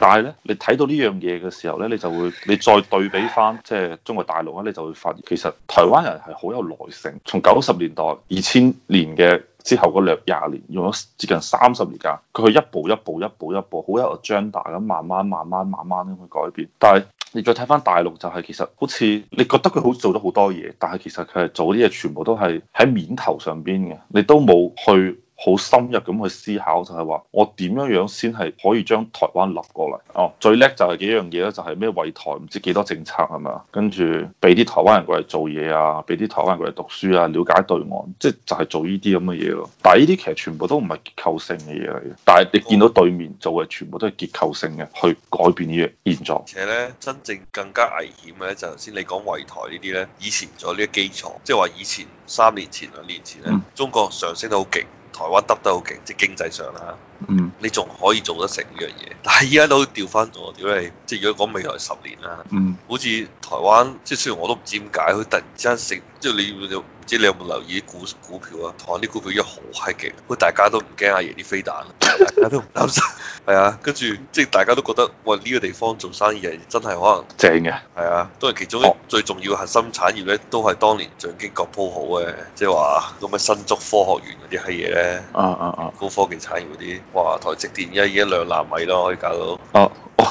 但係咧，你睇到呢樣嘢嘅時候咧，你就會你再對比翻即係中國大陸咧，你就會發現其實台灣人係好有耐性。從九十年代、二千年嘅之後嗰兩廿年，用咗接近三十年間，佢去一步一步、一步一步好有 agenda 咁，慢慢、慢慢、慢慢咁去改變。但係你再睇翻大陸，就係其實好似你覺得佢好似做咗好多嘢，但係其實佢係做啲嘢全部都係喺面頭上邊嘅，你都冇去好深入咁去思考，就係話我點樣樣先係可以將台灣立過嚟？哦，最叻就係幾樣嘢啦，就係咩惠台唔知幾多政策啊嘛，跟住俾啲台灣人過嚟做嘢啊，俾啲台灣人過嚟讀書啊，了解對岸，即係就係做呢啲咁嘅嘢咯。但係呢啲其實全部都唔係結構性嘅嘢嚟嘅，但係你見到對面做嘅全部都係結構性嘅，去改變呢個現狀。而且咧，真正更加危險嘅咧，就頭先你講惠台呢啲咧，以前有呢啲基礎，即係話以前三年前兩年前咧，中國上升得好勁。台灣得到好勁，即經濟上啦。嗯，你仲可以做得成呢樣嘢，但係依家都掉翻咗，屌你，即係如果講未來十年啦，嗯，好似台灣，即係雖然我都唔知點解，佢突然之間成，即係你唔知你有冇留意啲股股票啊？台灣啲股票而家好閪勁，佢大家都唔驚阿爺啲飛彈，大家都唔擔心，係啊，跟住即係大家都覺得，喂，呢個地方做生意係真係可能正嘅，係啊，都係其中最重要核心產業咧，都係當年蔣經國鋪好嘅，即係話咁嘅新竹科學園嗰啲閪嘢咧，啊啊啊，高科技產業嗰啲。話台積電依家已經兩納米咯，可以搞到。哦，哦，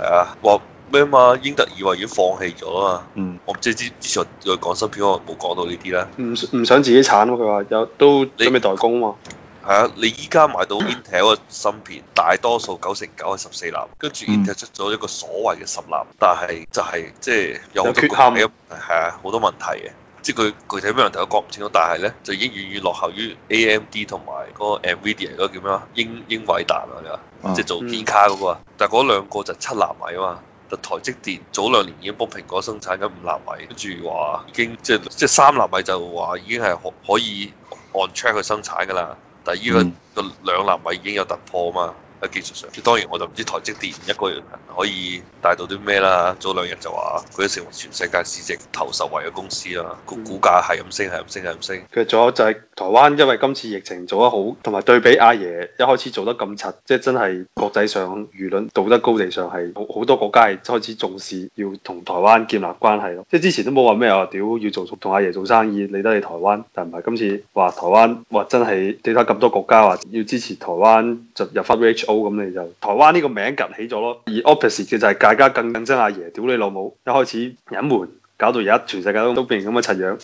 係啊，話咩啊嘛？英特爾話已經放棄咗啊嘛。嗯。我唔知之之前再講芯片，我冇講到呢啲咧。唔唔想自己產咯，啊，佢話有都準備代工啊嘛。係啊，你依家買到英特爾嘅芯片，大多數九成九係十四納，跟住英特爾出咗一個所謂嘅十納，但係就係，是就是，即係有好多缺陷嘅。係啊，好多問題嘅。即係佢具體咩問題，我講唔清楚。但係咧，就已經遠遠落後於 AMD 同埋嗰個 NVIDIA 嗰個叫咩啊？英英偉達啊，你即係做顯卡嗰，嗰個。但係嗰兩個就七納米啊嘛。但台積電早兩年已經幫蘋果生產緊五納米，跟住話已經即係即係三納米就話已經係可可以 on track 去生產噶啦。但係依、呢個個，嗯、兩納米已經有突破啊嘛。技術上，即當然我就唔知台積電一個人可以帶到啲咩啦。早兩日就話佢成為全世界市值頭十位嘅公司啦，股價係咁升，係咁升、嗯、係咁升。升其實仲有就係台灣，因為今次疫情做得好，同埋對比阿爺一開始做得咁柒，即係真係國際上輿論道德高地上係好多國家係開始重視要同台灣建立關係咯。即係之前都冇話咩話屌要做同阿爺做生意，理得你台灣，但唔係今次話台灣話真係其他咁多國家話要支持台灣就入翻咁你就台灣呢個名昅起咗咯，而 opposite 嘅就係大家更更憎阿爺屌你老母，一開始隱瞞，搞到而家全世界都都變成咁嘅柒樣。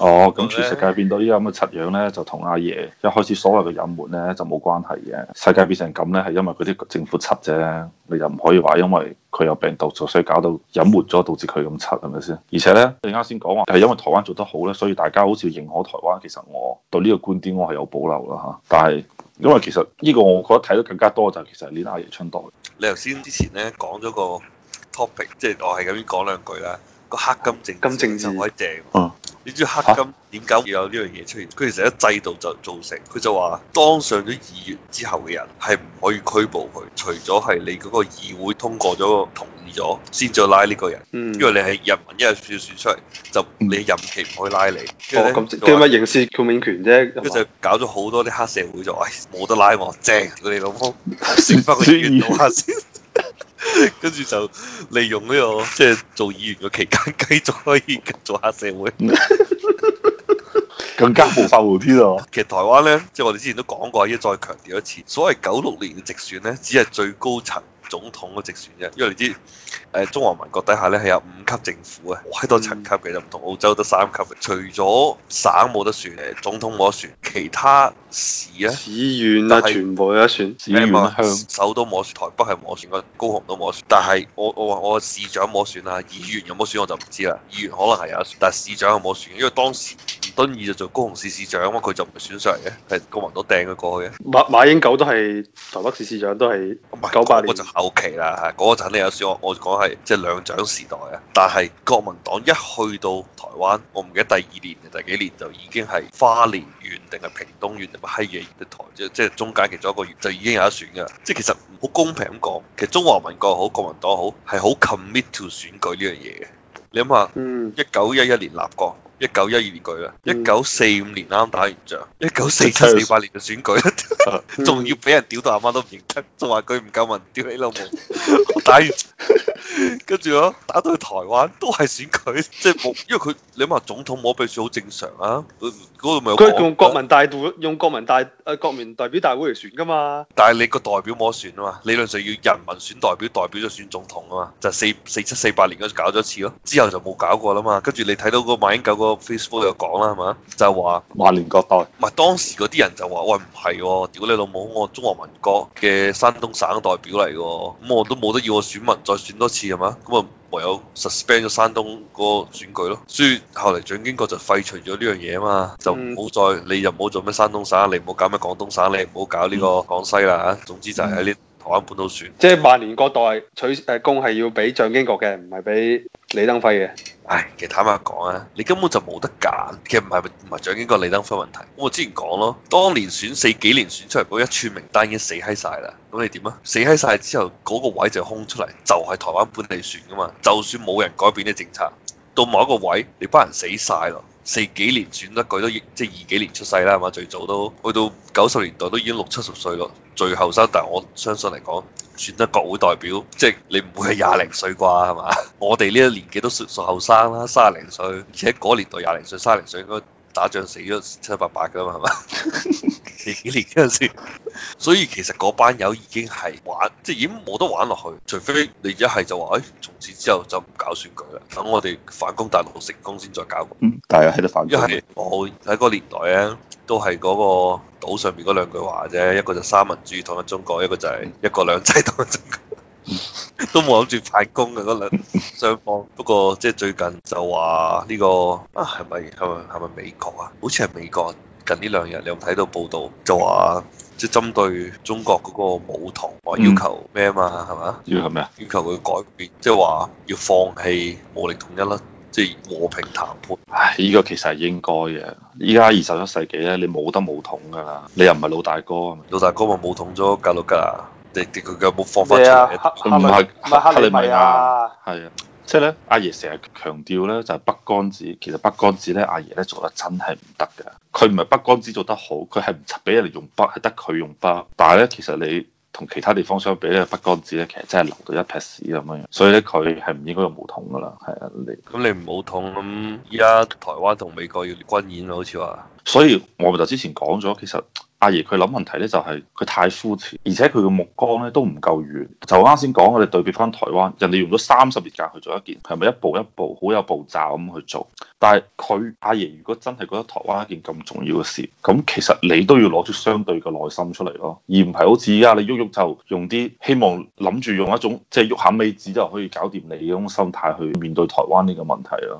哦，咁全世界變到呢家咁嘅柒樣咧，就同阿爺一開始所謂嘅隱瞞咧就冇關係嘅。世界變成咁咧，係因為嗰啲政府柒啫，你就唔可以話因為佢有病毒，就所以搞到隱瞞咗，導致佢咁柒係咪先？而且咧，你啱先講話係因為台灣做得好咧，所以大家好似認可台灣。其實我對呢個觀點我係有保留啦吓，但係。因為其實呢個我覺得睇得更加多的就係其實係連阿爺春多。你頭先之前咧講咗個 topic，即係我係咁樣講兩句啦。個黑金正，正金正就字，正、嗯。你知黑金點解要有呢樣嘢出現？佢其實一制度就造成，佢就話當上咗議員之後嘅人係唔可以拘捕佢，除咗係你嗰個議會通過咗同意咗先再拉呢個人。嗯、因為你係人民一有選選出嚟，就你任期唔可以拉你。我咁即係咩刑事豁免權啫？跟住就搞咗好多啲黑社會就誒冇、哎、得拉我，正你老母，我先翻個議院度先。 算了 跟住就利用呢、這個即係、就是、做議員嘅期間，繼續可以做下社會， 更加無法無天咯。其實台灣咧，即係我哋之前都講過，依家再強調一次，所謂九六年嘅直選咧，只係最高層。總統嘅直選啫，因為你知誒、呃、中華民國底下咧係有五級政府啊，好多層級嘅。嗯、就唔同澳洲得三級嘅。除咗省冇得選，總統冇得選，其他市呢啊、市縣是啊，全部有得選。你縣鄉首都冇得選，台北係冇選，高雄都冇得選。但係我我我，我市長冇選啊，議員有冇選我就唔知啦。議員可能係有得選，但係市長有冇選，因為當時。敦義就做高雄市市長啊嘛，佢就唔係選上嚟嘅，係國民黨掟佢過去嘅。馬馬英九都係台北市市長都，都係九八年。我就後期啦，嗰陣咧有選，我我講係即係兩蔣時代啊。但係國民黨一去到台灣，我唔記得第二年定第幾年就已經係花蓮縣定係屏東縣定乜閪嘢嘅台即即係中間其中一個縣，就已經有得選㗎。即係其實好公平咁講，其實中華民國好，國民黨好係好 commit to 選舉呢樣嘢嘅。你諗下，一九一一年立國，一九一二年舉啦，一九四五年啱啱打完仗，一九四七、四八年就選舉，仲 要俾人屌到阿媽都唔認得，仲話佢唔夠民，屌你老母，嗯、 打完。 跟住啊，打到去台灣都係選佢，即係冇，因為佢你話總統摸鼻屎好正常啊，度咪佢用國民大會用國民大誒國民代表大會嚟選㗎嘛。但係你個代表冇選啊嘛，理論上要人民選代表，代表就選總統啊嘛，就四四七四八年嗰時搞咗一次咯，之後就冇搞過啦嘛。跟住你睇到個馬英九個 Facebook 又講啦，係嘛？就係話萬年國代。唔係當時嗰啲人就話喂唔係喎，屌你老母，我中華民國嘅山東省代表嚟喎，咁、嗯、我都冇得要我選民再選多嗯嗯、次係嘛？咁、嗯、啊，唯有 suspend 咗山東個選舉咯。所以後嚟蔣經國就廢除咗呢樣嘢啊嘛，就唔好再你又唔好做咩山東省，你唔好搞咩廣東省，你唔好搞呢個廣西啦吓，總之就係喺呢台灣本土選，嗯嗯、即係萬年國代取誒工，係要俾蔣經國嘅，唔係俾李登輝嘅。唉，其實坦白講啊，你根本就冇得揀。其實唔係唔係蔣經國李登輝問題。我之前講咯，當年選四幾年選出嚟嗰一串名單已經死喺晒啦。咁你點啊？死喺晒之後，嗰個位就空出嚟，就係台灣本地選噶嘛。就算冇人改變啲政策，到某一個位，你班人死晒啦。四幾年選得佢都即係二幾年出世啦，係嘛？最早都去到九十年代都已經六七十歲咯，最後生。但係我相信嚟講，選得國會代表，即係你唔會係廿零歲啩係嘛？我哋呢一年紀都算算後生啦，卅零歲，而且嗰年代廿零歲，卅零歲應該。打仗死咗七七八八噶嘛，係嘛？ 幾年嗰陣時，所以其實嗰班友已經係玩，即係已經冇得玩落去，除非你一係就話，哎，從此之後就唔搞選舉啦，等我哋反攻大陸成功先再搞過。嗯，但係喺度反攻。一係我喺嗰個年代啊，都係嗰個島上邊嗰兩句話啫，一個就三民主義統一中國，一個就係一國兩制統一中國。嗯 都冇諗住罷工嘅嗰兩雙方，不過即係最近就話呢、這個啊係咪係係咪美國啊？好似係美國、啊、近呢兩日你有冇睇到報道就話即係針對中國嗰個武統話要求咩啊嘛係嘛？嗯、吧要求咩啊？要求佢改變，即係話要放棄武力統一啦，即、就、係、是、和平談判。唉，依、這個其實係應該嘅。依家二十一世紀咧，你冇得武統噶啦，你又唔係老大哥啊，老大哥話武統咗格魯吉亞。你佢有冇方法出？出唔係黑黑利米係啊，即係咧，阿爺成日強調咧，就係、是、筆桿子。其實筆桿子咧，阿爺咧做得真係唔得嘅。佢唔係筆桿子做得好，佢係唔俾人哋用筆，係得佢用筆。但係咧，其實你同其他地方相比咧，筆桿子咧其實真係流到一撇屎咁樣。所以咧，佢係唔應該用武統噶啦。係啊，你咁你唔武統咁，依家台灣同美國要軍演啦，好似話。所以我就之前講咗，其實。阿爺佢諗問題咧就係佢太膚淺，而且佢嘅目光咧都唔夠遠。就啱先講，我哋對比翻台灣，人哋用咗三十年間去做一件，係咪一步一步好有步驟咁去做？但係佢阿爺如果真係覺得台灣一件咁重要嘅事，咁其實你都要攞出相對嘅耐心出嚟咯，而唔係好似依家你喐喐就用啲希望諗住用一種即係喐下尾指就可以搞掂你嘅種心態去面對台灣呢個問題咯。